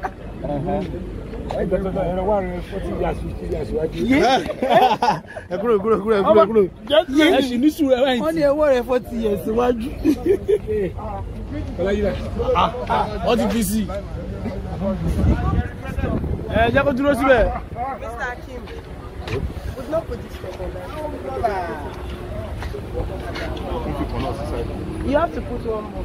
ẹ kúrò kúrò kúrò ẹ kúrò kúrò ẹ sì ní sùúrù ẹ forty years síwájú. Ah, ah, wọ́n ti fi sí i. ẹ jẹ́ kó dúró síbẹ̀. You have to put one more.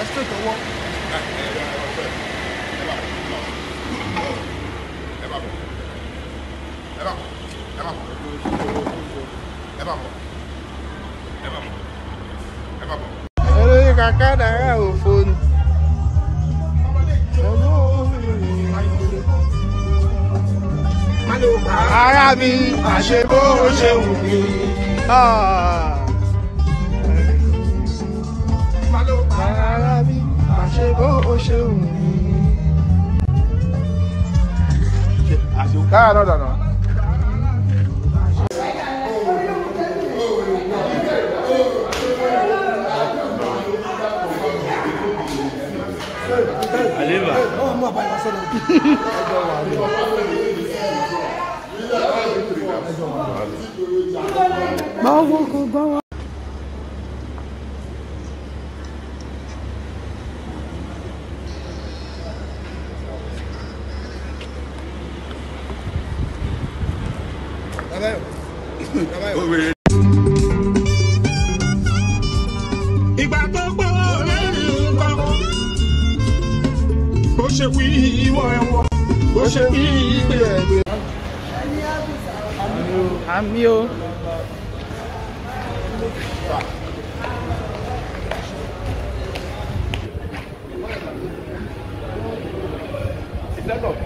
ẹsẹ tó wọ. ẹ bá I ẹ bá bọ̀ ẹ bá bọ̀ ẹ bá ṣe bó o ṣe wù mí. káàánú dànù. àlébà. báwo kò gbọ́ wa. ìgbà tó gbọ́ lẹ́yìn nǹkan bó ṣe wí ìwọ ẹ̀wọ̀ bó ṣe wí ìgbé ẹ̀gbẹ́. àmì o. Thank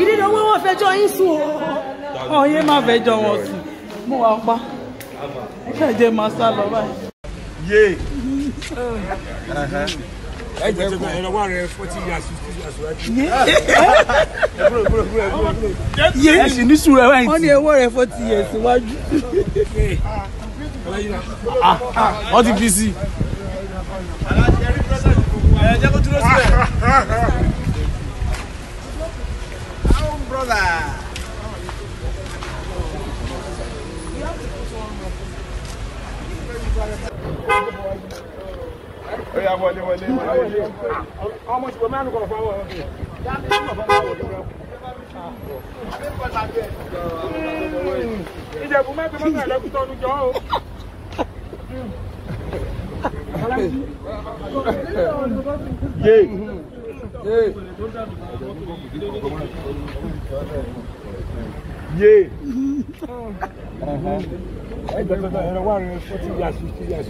ìdílé owó wọn fẹjọ́ yín sùn o ọyẹ má fẹjọ́ wọn sùn mú wa pa ẹ kàn jẹ máa sá lọ báyìí. yé ẹ jẹ kó ẹ lọ wá rẹ fọtí yasù yasù yé ẹ sì ní sùúrù ẹ wáyé tí. wọ́n ní ewó rẹ fọtí yẹ síwájú. wọ́n ti bí sí. ẹ jẹ́ dúró sílẹ̀. ó yá wọlé wọlé wọlé. ọmọ ṣùgbọ́n mẹ́rin kọ̀ fún àwọn ọ̀rọ̀ ìjẹ̀bù mẹ́tò mẹ́tò ẹ̀lẹ́kùtọ́ ọdún jọ o. yé yé yé. ẹ̀ẹ́dẹ́gbẹ̀ta ẹ̀rọ wà rẹ̀ fọ́tí yà sí fọ́tí yà sí.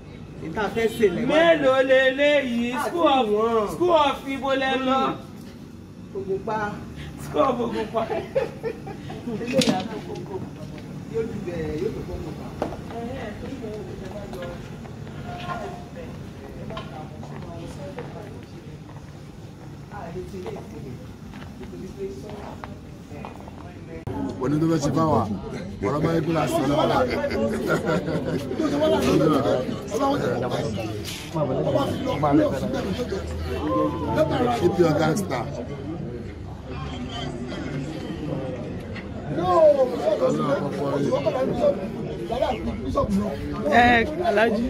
níta fẹ́ sè lẹ́wọ́. mélòó leléyìí school of school of ibo lẹ lọ. ògùnpá. school of ògùnpá. eléyìí àkókò yóò ti bẹ̀rẹ̀ yóò tó kó kó pa. Onu ọ̀rọ̀ máa ń gbúra sí ọlọ́wọ́ náà tó ti wá láti ọjọ́ ọlọ́wọ́ tẹ̀ ọ̀pá ọba fi lọ kúlọ̀ síbẹ̀ lọ́jọ́ keep your gangster. ẹ alájí.